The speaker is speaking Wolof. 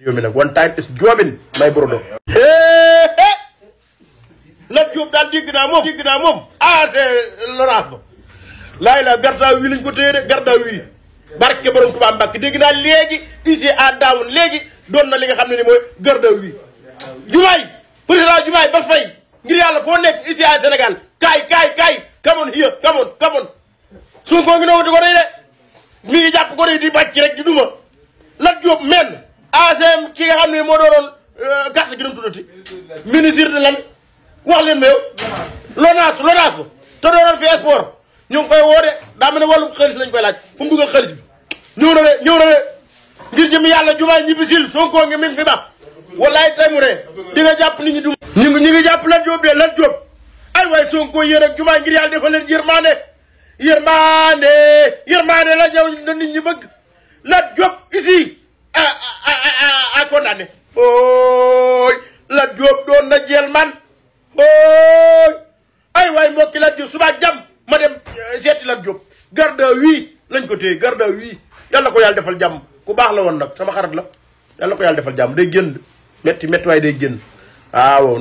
réew mi nag one time is joobin may brodo Lat Diop daal dégg naa moom dégg naa moom aate ah, loraas ba laay laa gardaaw wi lañ ko téye de gardaaw wi barke borom Tuubaa Mbàkke dégg naa léegi ici à Daawun léegi doon na li nga xam ne ni mooy gardaaw wi jumaay président jumaay ba fay ngir yàlla foo nekk ici à Sénégal kaay kaay kaay come on here come on ngi noonu di ko rey de mi ngi jàpp ko rey di bàcc rek ASM ki nga xam ne moo dooroon carte euh, gi nu mu tuddati ministre de lan wax leen ma yow. LONASE LONASE ba dooroon fi sport ñu ngi fay woo de daa ne wàllum xaalis lañ koy laaj fu mu dugal bi ñëw na de ñëw na de ngir jëm jàpp nit ñi du ñu ngi ñu ngi jàpp lan jóob de lan jóob ay waay Sonko yéen ak jumaa ngir yàlla defal leen yërmande yërmande yërmande la ñëw na nit ñi bëgg lan jóob ici ah, ah. daan ne ooy Lat doon na jël man ooy ay waay mbokki la Diop subaa jàmm ma dem eh, seeti Lat Diop garda wii lañ ko téye garda wii yàlla ko yàlla defal jàmm ku baax la woon nag sama xarit la yàlla ko yàlla defal jàmm day génn métti métti waaye day génn waaw